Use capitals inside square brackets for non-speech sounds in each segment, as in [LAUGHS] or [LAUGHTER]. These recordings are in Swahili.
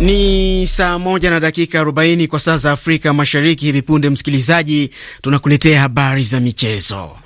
Ni saa moja na dakika arobaini kwa saa za Afrika Mashariki. Hivi punde, msikilizaji, tunakuletea habari za michezo.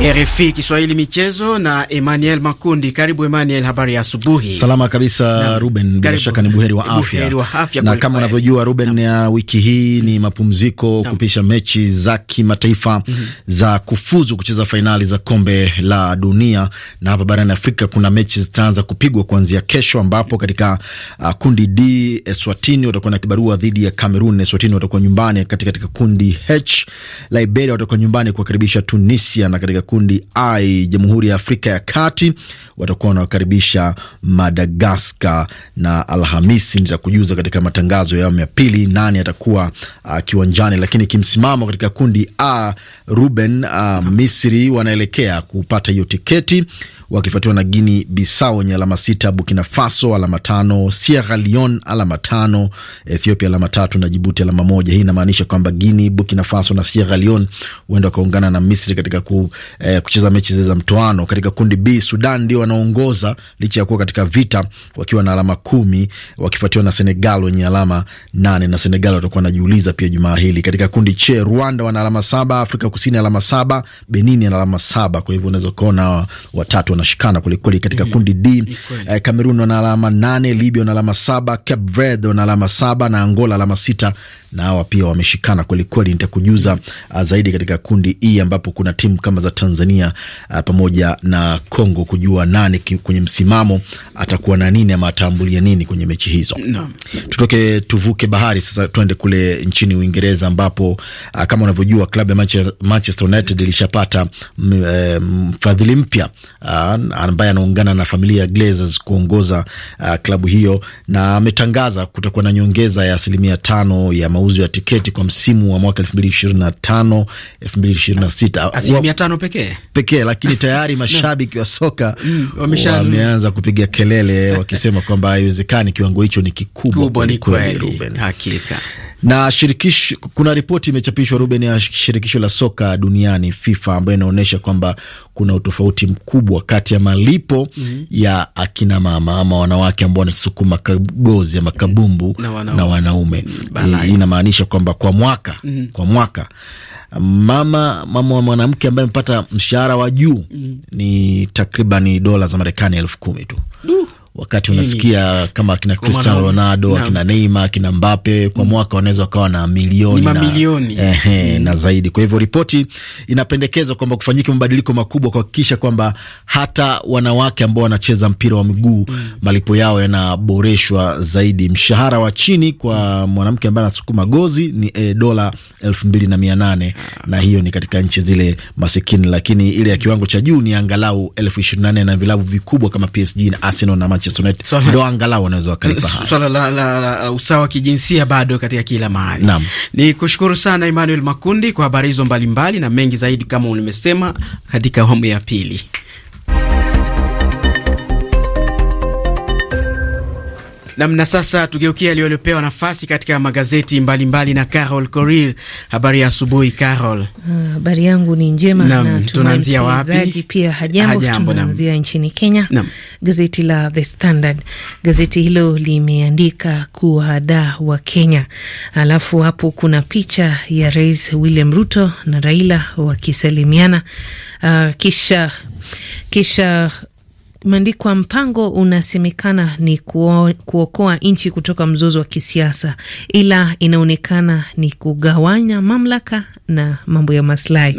RFI Kiswahili michezo na Emmanuel Makundi. Karibu Emmanuel, habari ya asubuhi. Salama kabisa na Ruben, bila shaka ni buheri wa afya, wa afya na kama unavyojua Ruben ya wiki hii ni mm-hmm. mapumziko na kupisha mechi za kimataifa mm -hmm. za kufuzu kucheza fainali za kombe la dunia, na hapa barani Afrika kuna mechi zitaanza kupigwa kuanzia kesho, ambapo katika uh, kundi D Eswatini watakuwa na kibarua dhidi ya Cameroon. Eswatini watakuwa nyumbani katika, katika kundi H Liberia watakuwa nyumbani kuwakaribisha Tunisia na katika kundi I, Jamhuri ya Afrika ya Kati watakuwa wanawakaribisha Madagaskar, na Alhamisi nitakujuza katika matangazo ya awamu ya pili nani atakuwa uh, kiwanjani. Lakini kimsimamo katika kundi A, Ruben uh, Misri wanaelekea kupata hiyo tiketi wakifuatiwa na Guini Bisau wenye alama sita, Bukina Faso alama tano, Sierra Leon alama tano, Ethiopia alama tatu na Jibuti alama moja. Hii inamaanisha kwamba Guini, Bukina Faso na Sierra Leon huenda wakaungana na Misri katika ku, eh, kucheza mechi za mtoano. Katika kundi B, Sudan ndio wanaongoza licha ya kuwa katika vita wakiwa na alama kumi, wakifuatiwa na Senegal wenye alama nane na Senegal watakuwa wanajiuliza pia jumaa hili. Katika kundi C, Rwanda wana alama saba, Afrika Kusini alama saba, Benini ana alama saba. Kwa hivyo unaweza ukaona watatu wanashikana kwelikweli katika mm kundi D eh, Kamerun wana alama nane, Libya wana alama saba, Cape Verde wana alama saba na Angola alama sita na hawa pia wameshikana kwelikweli. Nitakujuza uh, zaidi katika kundi hii e ambapo kuna timu kama za Tanzania a, uh, pamoja na Kongo, kujua nani kwenye msimamo atakuwa na nini ama atambulia nini kwenye mechi hizo no. Tutoke tuvuke bahari sasa, tuende kule nchini Uingereza ambapo a, uh, kama unavyojua klabu ya Manchester United ilishapata mm, eh, mfadhili mpya ambaye anaungana na familia ya Glazers kuongoza klabu hiyo, na ametangaza kutakuwa na nyongeza ya asilimia tano ya mauzo mauzo ya tiketi kwa msimu wa mwaka 2025 2026 asilimia tano pekee pekee, lakini [LAUGHS] tayari mashabiki wa soka mm, wameanza kupiga kelele wakisema kwamba haiwezekani, kiwango hicho ni kikubwa kweli, Ruben, hakika. Na shirikisho, kuna ripoti imechapishwa Ruben ya shirikisho la soka duniani FIFA ambayo inaonyesha kwamba kuna utofauti mkubwa kati ya malipo mm -hmm. ya akina mama ama wanawake ambao wanasukuma kagozi ama mhm. kabumbu mm -hmm. na wanaume e, inamaanisha kwamba kwa mwaka mm -hmm. kwa mwaka mama mama wa mwanamke ambaye amepata mshahara wa juu mm -hmm. ni takriban dola za Marekani elfu kumi tu Duh wakati unasikia kama akina Cristiano Ronaldo, akina Neymar, akina Mbappe kwa mm. mwaka wanaweza wakawa na milioni na, eh, eh, na zaidi. Kwa hivyo ripoti inapendekeza kwamba kufanyike mabadiliko makubwa kuhakikisha kwamba hata wanawake ambao wanacheza mpira wa miguu mm, malipo yao yanaboreshwa zaidi. Mshahara wa chini kwa mm. mwanamke ambaye anasukuma gozi ni eh, dola elfu mbili na mia nane ah. na hiyo ni katika nchi zile masikini, lakini ile ya kiwango cha juu ni angalau elfu ishirini na nne na vilabu vikubwa kama PSG na Arsenal na Manchester matches ndio angalau wanaweza wakalipa. Swala la, la, la usawa kijinsia bado katika kila mahali. Ni kushukuru sana Emmanuel Makundi kwa habari hizo mbalimbali na mengi zaidi kama ulimesema katika awamu ya pili. Namna sasa, tugeukia aliyopewa nafasi katika magazeti mbalimbali mbali na Carol Korir. Habari ya asubuhi Carol. Ah, habari uh, yangu ni njema na, tunaanzia wapi? Pia hajambo, hajambo tunaanzia nchini Kenya Nam. Gazeti la The Standard, gazeti hilo limeandika kuhada wa Kenya, alafu hapo kuna picha ya Rais William Ruto na Raila wakisalimiana uh, kisha kisha Mandikwa, mpango unasemekana ni kuo, kuokoa nchi kutoka mzozo wa kisiasa, ila inaonekana ni kugawanya mamlaka na mambo ya maslahi.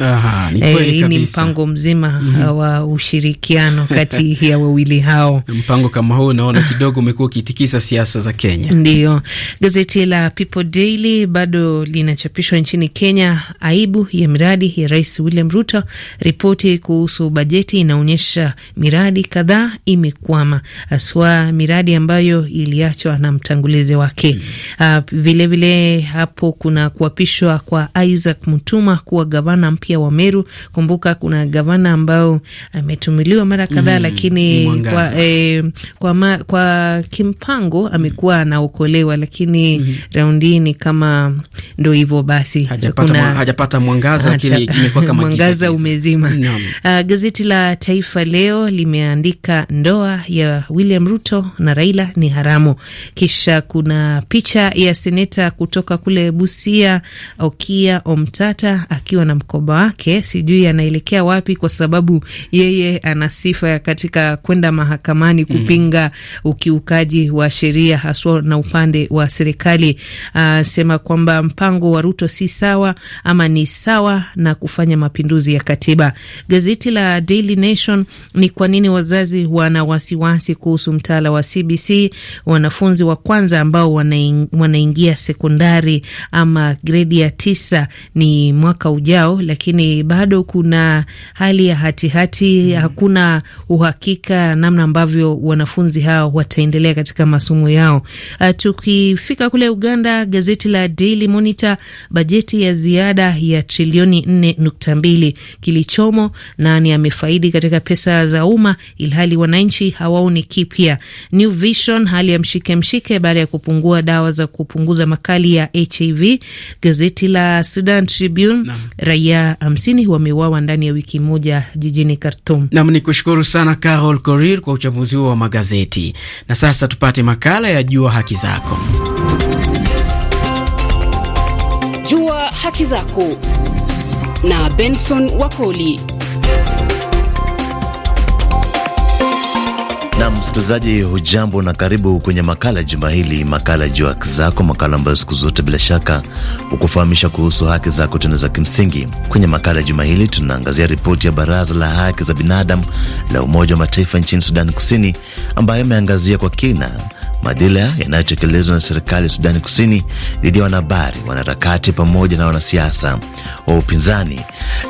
Eh, hii ni mpango mzima mm -hmm. wa ushirikiano [LAUGHS] kati ya wawili hao. Mpango kama huu naona kidogo umekuwa ukitikisa siasa za Kenya. Ndiyo, gazeti la People Daily bado linachapishwa nchini Kenya. Aibu ya miradi ya Rais William Ruto, ripoti kuhusu bajeti inaonyesha miradi kadhaa kadhaa imekwama, haswa miradi ambayo iliachwa na mtangulizi wake vilevile. Mm. Ah, vile hapo kuna kuapishwa kwa Isaac Mutuma kuwa gavana mpya wa Meru. Kumbuka kuna gavana ambao ametumiliwa mara kadhaa, mm, lakini kwa, eh, kwa, ma, kwa kimpango mm. amekuwa anaokolewa, lakini mm -hmm. raundi ni kama ndo hivyo basi, hajapata hajapata mwangaza, lakini imekuwa kama mwangaza umezima. Uh, gazeti la Taifa Leo limeandika katika ndoa ya William Ruto na Raila ni haramu. Kisha kuna picha ya seneta kutoka kule Busia, Okia Omtata akiwa na mkoba wake, sijui anaelekea wapi, kwa sababu yeye ana sifa katika kwenda mahakamani mm. kupinga ukiukaji wa sheria haswa na upande wa serikali. Asema ah, kwamba mpango wa Ruto si sawa ama ni sawa na kufanya mapinduzi ya katiba. Gazeti la Daily Nation ni kwa nini wazazi wazazi wana wasiwasi kuhusu mtaala wa CBC. Wanafunzi wa kwanza ambao wanaingia sekondari ama gredi ya tisa ni mwaka ujao, lakini bado kuna hali ya hatihati hati, mm-hmm. hakuna uhakika namna ambavyo wanafunzi hao wataendelea katika masomo yao. Uh, tukifika kule Uganda, gazeti la Daily Monitor, bajeti ya ziada ya trilioni 4.2 kilichomo, nani amefaidi katika pesa za umma ila hali wananchi hawaoni kipya. New Vision hali ya mshike mshike baada ya kupungua dawa za kupunguza makali ya HIV. Gazeti la Sudan Tribune raia hamsini wameuawa ndani ya wiki moja jijini Khartoum. Nam ni kushukuru sana Carol Korir kwa uchambuzi huo wa magazeti, na sasa tupate makala ya Jua Haki Zako. Jua Haki Zako na Benson Wakoli. Na msikilizaji, hujambo na karibu kwenye makala juma hili, makala juu ya haki zako, makala ambayo siku zote bila shaka hukufahamisha kuhusu haki zako tena za kimsingi. Kwenye makala juma hili tunaangazia ripoti ya Baraza la Haki za Binadamu la Umoja wa Mataifa nchini Sudani Kusini, ambayo imeangazia kwa kina madhila yanayotekelezwa na serikali ya Sudani Kusini dhidi ya wanahabari, wanaharakati pamoja na wanasiasa wa upinzani.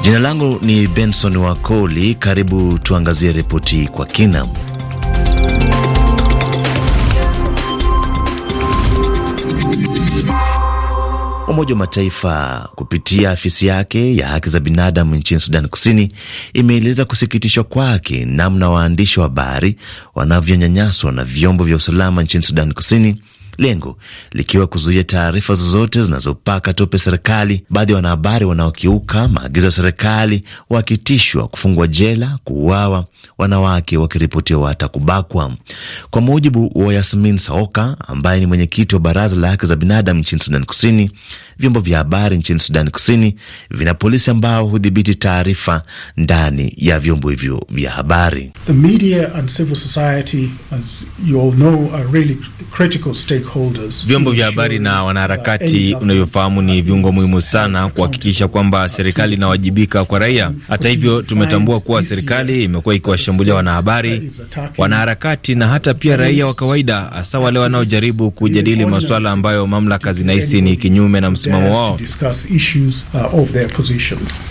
Jina langu ni Benson Wakoli, karibu tuangazie ripoti kwa kina. Umoja wa Mataifa kupitia afisi yake ya haki za binadamu nchini Sudan Kusini imeeleza kusikitishwa kwake namna waandishi wa habari wanavyonyanyaswa na vyombo vya usalama nchini Sudan Kusini, lengo likiwa kuzuia taarifa zozote zinazopaka tope serikali. Baadhi ya wanahabari wanaokiuka maagizo ya serikali wakitishwa kufungwa jela, kuuawa, wanawake wakiripotiwa hata kubakwa. Kwa mujibu wa Yasmin Saoka ambaye ni mwenyekiti wa baraza la haki za binadamu nchini Sudan Kusini, vyombo vya habari nchini Sudani Kusini vina polisi ambao hudhibiti taarifa ndani ya vyombo hivyo vya habari. Vyombo vya habari na wanaharakati, unavyofahamu, ni viungo muhimu sana kuhakikisha kwamba serikali inawajibika kwa raia. Hata hivyo, tumetambua kuwa serikali imekuwa ikiwashambulia wanahabari, wanaharakati na hata pia raia wa kawaida, hasa wale wanaojaribu kujadili masuala ambayo mamlaka zinahisi ni kinyume na msimamo wao uh,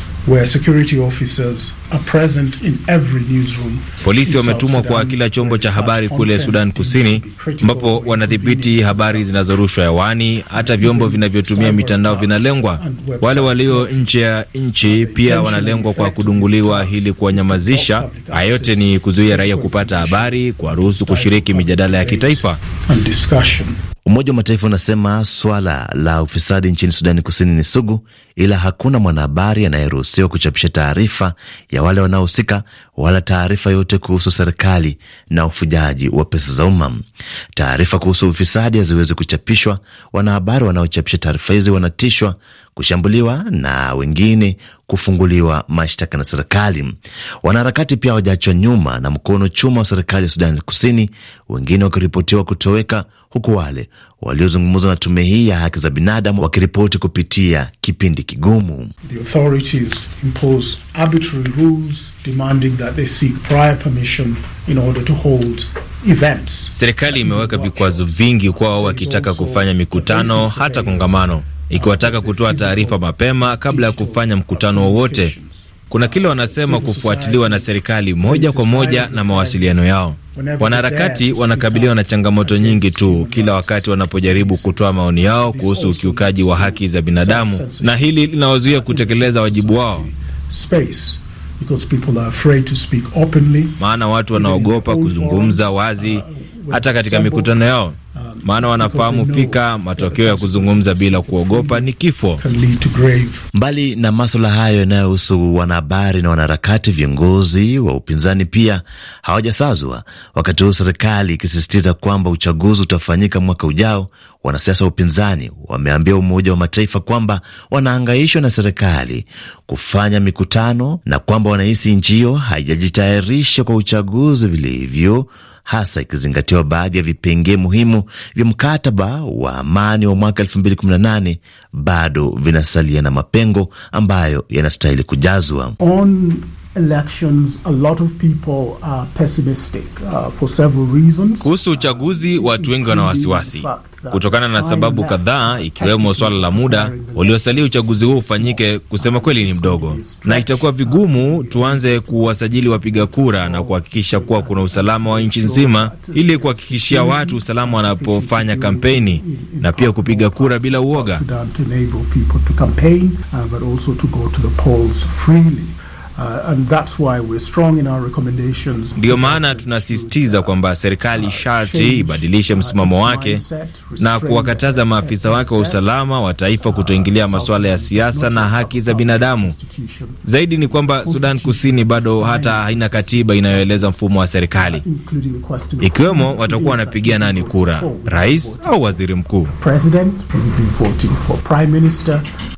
Polisi wametumwa kwa kila chombo cha habari kule Sudan Kusini ambapo wanadhibiti habari zinazorushwa hewani. Hata vyombo vinavyotumia mitandao vinalengwa. Wale walio nje ya nchi pia wanalengwa kwa kudunguliwa ili kuwanyamazisha. Haya yote ni kuzuia raia kupata habari, kuwaruhusu kushiriki mijadala ya kitaifa Umoja wa Mataifa unasema swala la ufisadi nchini Sudani Kusini ni sugu, ila hakuna mwanahabari anayeruhusiwa kuchapisha taarifa ya wale wanaohusika wala taarifa yote kuhusu serikali na ufujaji wa pesa za umma. Taarifa kuhusu ufisadi haziwezi kuchapishwa. Wanahabari wanaochapisha taarifa hizi wanatishwa, kushambuliwa na wengine kufunguliwa mashtaka na serikali. Wanaharakati pia hawajaachwa nyuma na mkono chuma wa serikali ya Sudani Kusini, wengine wakiripotiwa kutoweka, huku wale waliozungumzwa na tume hii ya haki za binadamu wakiripoti kupitia kipindi kigumu. Serikali imeweka vikwazo vingi kwao, wakitaka kufanya mikutano hata kongamano ikiwataka kutoa taarifa mapema kabla ya kufanya mkutano wowote. Kuna kile wanasema kufuatiliwa na serikali moja kwa moja na mawasiliano yao. Wanaharakati wanakabiliwa na changamoto nyingi tu kila wakati wanapojaribu kutoa maoni yao kuhusu ukiukaji wa haki za binadamu, na hili linawazuia kutekeleza wajibu wao. Maana watu wanaogopa kuzungumza wazi hata katika mikutano yao, maana wanafahamu fika matokeo ya kuzungumza bila kuogopa ni kifo. Mbali na maswala hayo yanayohusu wanahabari na wanaharakati, viongozi wa upinzani pia hawajasazwa, wakati huu serikali ikisisitiza kwamba uchaguzi utafanyika mwaka ujao. Wanasiasa wa upinzani wameambia Umoja wa Mataifa kwamba wanahangaishwa na serikali kufanya mikutano na kwamba wanahisi nchi hiyo haijajitayarisha kwa uchaguzi vilivyo hasa ikizingatiwa baadhi ya vipengee muhimu vya mkataba wa amani wa mwaka 2018 bado vinasalia na mapengo ambayo yanastahili kujazwa. On elections, a lot of people are pessimistic, uh, for several reasons. Kuhusu uchaguzi watu wengi wana wasiwasi kutokana na sababu kadhaa, ikiwemo swala la muda uliosalia uchaguzi huo ufanyike. Kusema kweli ni mdogo, na itakuwa vigumu tuanze kuwasajili wapiga kura na kuhakikisha kuwa kuna usalama wa nchi nzima, ili kuhakikishia watu usalama wanapofanya kampeni na pia kupiga kura bila uoga. Uh, Ndiyo maana tunasisitiza kwamba serikali uh, sharti ibadilishe uh, msimamo wake na kuwakataza maafisa wake wa usalama wa taifa kutoingilia masuala ya siasa na haki za binadamu. Zaidi ni kwamba Sudan Kusini bado hata haina katiba inayoeleza mfumo wa serikali, ikiwemo watakuwa wanapigia nani kura, rais au waziri mkuu.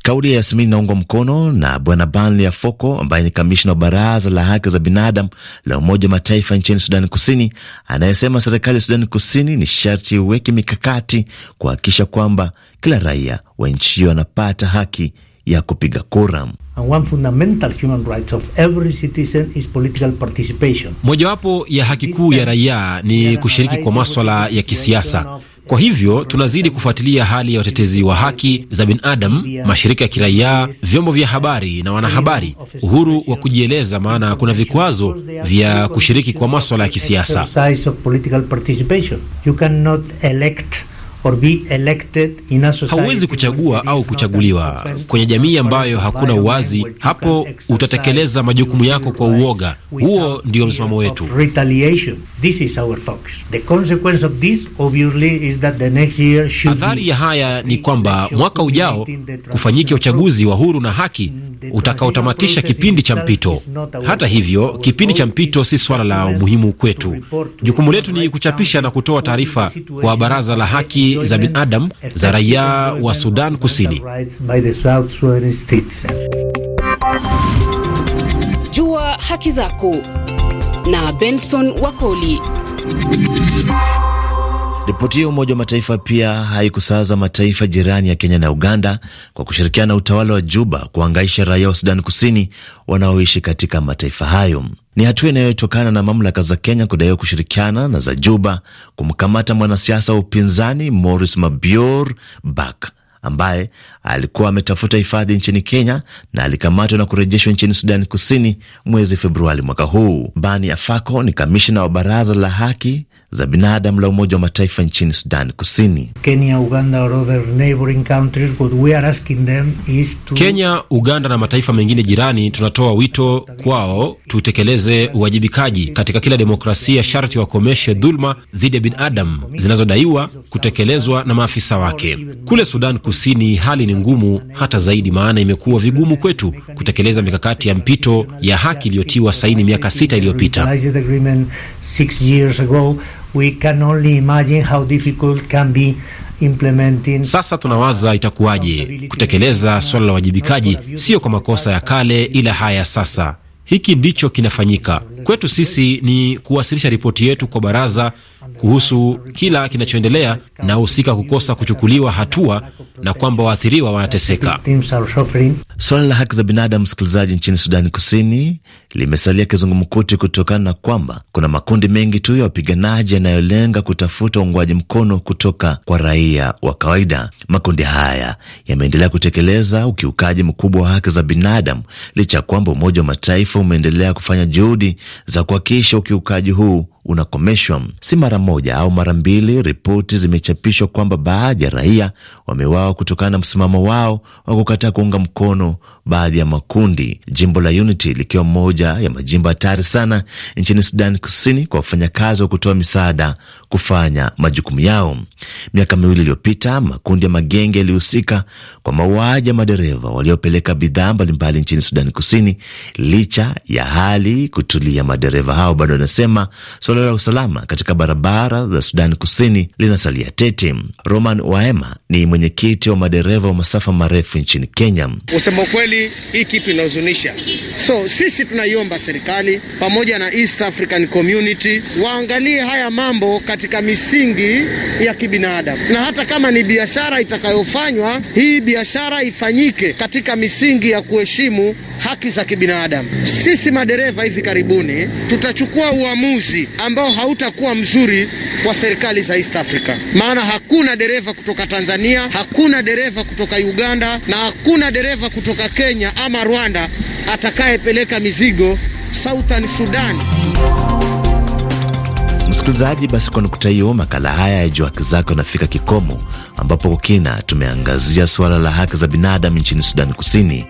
Kauli ya Yasmin inaungwa mkono na Bwana Banli ya Foko ambaye ni kamishna wa baraza la haki za binadamu la Umoja wa Mataifa nchini Sudani Kusini, anayesema serikali ya Sudani Kusini ni sharti iweke mikakati kuhakikisha kwamba kila raia wa nchi hiyo anapata haki ya kupiga kura. Mojawapo ya haki kuu ya raia ni kushiriki kwa maswala ya kisiasa. Kwa hivyo tunazidi kufuatilia hali ya watetezi wa haki za binadamu, mashirika ya kiraia, vyombo vya habari na wanahabari, uhuru wa kujieleza, maana kuna vikwazo vya kushiriki kwa maswala ya kisiasa. Or be elected in a society. Hauwezi kuchagua au kuchaguliwa kwenye jamii ambayo hakuna uwazi. Hapo utatekeleza majukumu yako kwa uoga. Huo ndio msimamo wetu. Athari ya haya ni kwamba mwaka ujao kufanyike uchaguzi wa huru na haki mm, utakaotamatisha kipindi cha mpito. Hata hivyo, kipindi cha mpito si swala la umuhimu kwetu. Jukumu letu ni kuchapisha na kutoa taarifa kwa Baraza la Haki za binadamu za raia wa Sudan Kusini. Jua haki zako na Benson Wakoli. Ripoti hiyo Umoja wa Mataifa pia haikusaza mataifa jirani ya Kenya na Uganda kwa kushirikiana na utawala wa Juba kuhangaisha raia wa Sudan Kusini wanaoishi katika mataifa hayo. Ni hatua inayotokana na mamlaka za Kenya kudaiwa kushirikiana na za Juba kumkamata mwanasiasa wa upinzani Morris Mabior Bak ambaye alikuwa ametafuta hifadhi nchini Kenya na alikamatwa na kurejeshwa nchini Sudani Kusini mwezi Februari mwaka huu. Bani Afako ni kamishina wa baraza la haki za binadamu la Umoja wa Mataifa nchini Sudan Kusini. Kenya, Uganda, or other neighboring countries, what we are asking them is to... Kenya, Uganda na mataifa mengine jirani, tunatoa wito kwao tutekeleze uwajibikaji katika kila demokrasia. Sharti wakomeshe dhuluma dhidi ya binadamu zinazodaiwa kutekelezwa na maafisa wake. Kule Sudan Kusini hali ni ngumu hata zaidi, maana imekuwa vigumu kwetu kutekeleza mikakati ya mpito ya haki iliyotiwa saini miaka sita iliyopita we can only imagine how difficult can be sasa tunawaza itakuwaje kutekeleza swala la wajibikaji, sio kwa makosa ya kale, ila haya sasa, hiki ndicho kinafanyika. Kwetu sisi ni kuwasilisha ripoti yetu kwa baraza kuhusu kila kinachoendelea na husika kukosa kuchukuliwa hatua na kwamba waathiriwa wanateseka. Swala la haki za binadamu, msikilizaji, nchini Sudani Kusini limesalia kizungumkuti kutokana na kwamba kuna makundi mengi tu ya wapiganaji yanayolenga kutafuta uungwaji mkono kutoka kwa raia wa kawaida. Makundi haya yameendelea kutekeleza ukiukaji mkubwa wa haki za binadamu licha ya kwamba Umoja wa Mataifa umeendelea kufanya juhudi za kuhakikisha ukiukaji huu unakomeshwa. Si mara moja au mara mbili, ripoti zimechapishwa kwamba baadhi ya raia wameuawa kutokana na msimamo wao wa kukataa kuunga mkono baadhi ya makundi, jimbo la Unity likiwa moja ya majimbo hatari sana nchini Sudan Kusini kwa wafanyakazi wa kutoa misaada kufanya majukumu yao. Miaka miwili iliyopita, makundi ya magenge yalihusika kwa mauaji ya madereva waliopeleka bidhaa mbalimbali nchini Sudani Kusini. Licha ya hali kutulia, madereva hao bado wanasema suala la usalama katika barabara za Sudani Kusini linasalia tete. Roman Waema ni mwenyekiti wa madereva wa masafa marefu nchini Kenya. Kusema ukweli, hii kitu inahuzunisha. So sisi tunaiomba serikali pamoja na East African Community waangalie haya mambo katika misingi ya kibinadamu, na hata kama ni biashara itakayofanywa, hii biashara ifanyike katika misingi ya kuheshimu haki za kibinadamu. Sisi madereva hivi karibuni tutachukua uamuzi ambao hautakuwa mzuri kwa serikali za East Africa, maana hakuna dereva kutoka Tanzania, hakuna dereva kutoka Uganda na hakuna dereva kutoka Kenya ama Rwanda atakayepeleka mizigo Southern Sudan. Msikilizaji, basi kwa nukta hiyo, makala haya ya Jua Haki Zako yanafika kikomo, ambapo kwa kina tumeangazia suala la haki za binadamu nchini Sudani Kusini.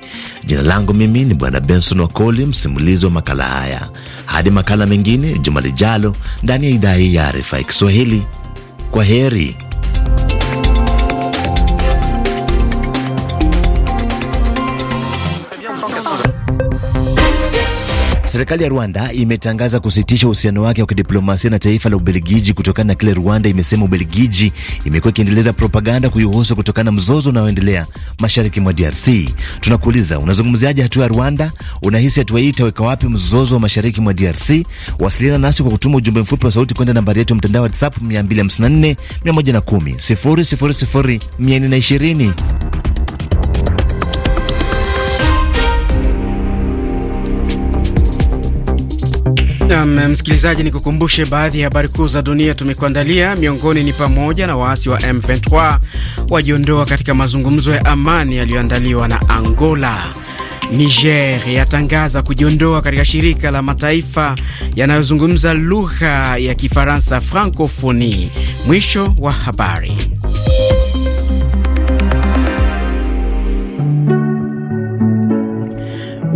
Jina langu mimi ni Bwana Benson Wakoli, msimulizi wa makala haya. Hadi makala mengine juma lijalo, ndani ya idhaa hii ya Arifa ya Kiswahili. Kwa heri. Serikali ya Rwanda imetangaza kusitisha uhusiano wake wa kidiplomasia na taifa la Ubelgiji kutokana na kile Rwanda imesema Ubelgiji imekuwa ikiendeleza propaganda kuihusu kutokana na mzozo unaoendelea mashariki mwa DRC. Tunakuuliza, unazungumziaje hatua ya Rwanda? Unahisi hatua hii itaweka wapi mzozo wa mashariki mwa DRC? Wasiliana nasi kwa kutuma ujumbe mfupi wa sauti kwenda nambari yetu mtandao WhatsApp 254 110 000 420. Nam msikilizaji, ni kukumbushe baadhi ya habari kuu za dunia tumekuandalia. Miongoni ni pamoja na waasi wa M23 wajiondoa katika mazungumzo ya amani yaliyoandaliwa na Angola. Niger yatangaza kujiondoa katika shirika la mataifa yanayozungumza lugha ya Kifaransa, Francofoni. Mwisho wa habari.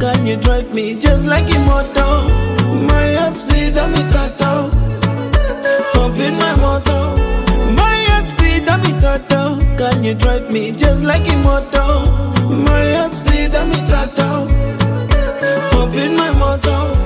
Can you drive me just like a motor? My heart speed I'm a turtle. Hop in my motor. My heart speed I'm a Can you drive me just like a motor? My heart speed I'm a turtle. Hop in my motor.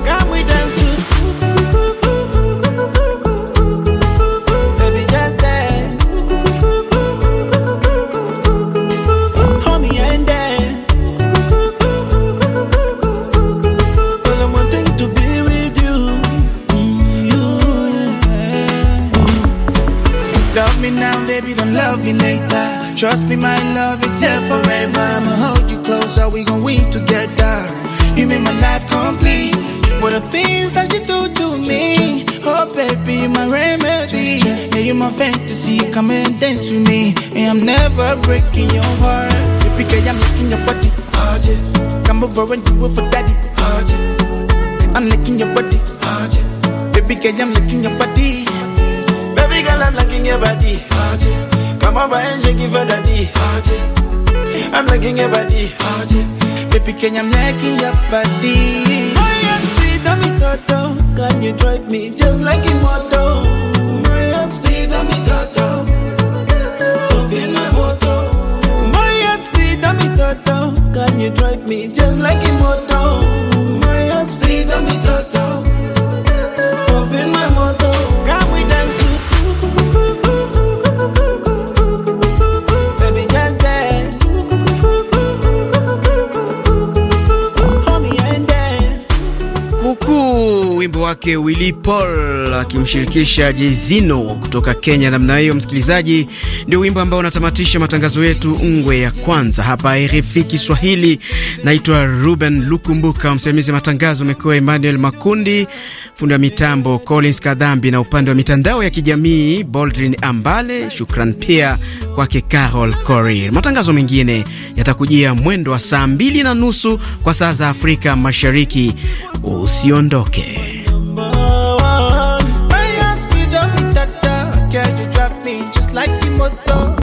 love me later. Trust me, my love is here forever. I'ma hold you close, we gon' weep together? You made my life complete. What the things that you do to me? Oh, baby, my remedy. Yeah, you my fantasy. Come and dance with me. And I'm never breaking your heart. Typical, I'm licking your body. Oh, Come over and do it for daddy. Oh, I'm licking your body. Oh, Baby girl, I'm licking your body. Baby girl, I'm licking your body. Mama ba enje give for daddy. Haji. I'm lagging your body. Haji. Baby, can you make your body? Oh, yeah, speed, I'm in toto. Can you drive me just like a moto? My speed, I'm in toto. Open my moto. My speed, I'm in toto. Can you drive me just like a motor? Buku wimbo wake Willy Paul akimshirikisha Jezino kutoka Kenya. Namna hiyo, msikilizaji, ndio wimbo ambao unatamatisha matangazo yetu ngwe ya kwanza hapa RFI Kiswahili. Naitwa Ruben Lukumbuka, msimamizi matangazo amekuwa Emmanuel Makundi, fundi wa mitambo Collins Kadhambi, na upande wa mitandao ya kijamii Boldrin Ambale. Shukran pia kwake Carol Coril. Matangazo mengine yatakujia mwendo wa saa mbili na nusu kwa saa za Afrika Mashariki usiondoke.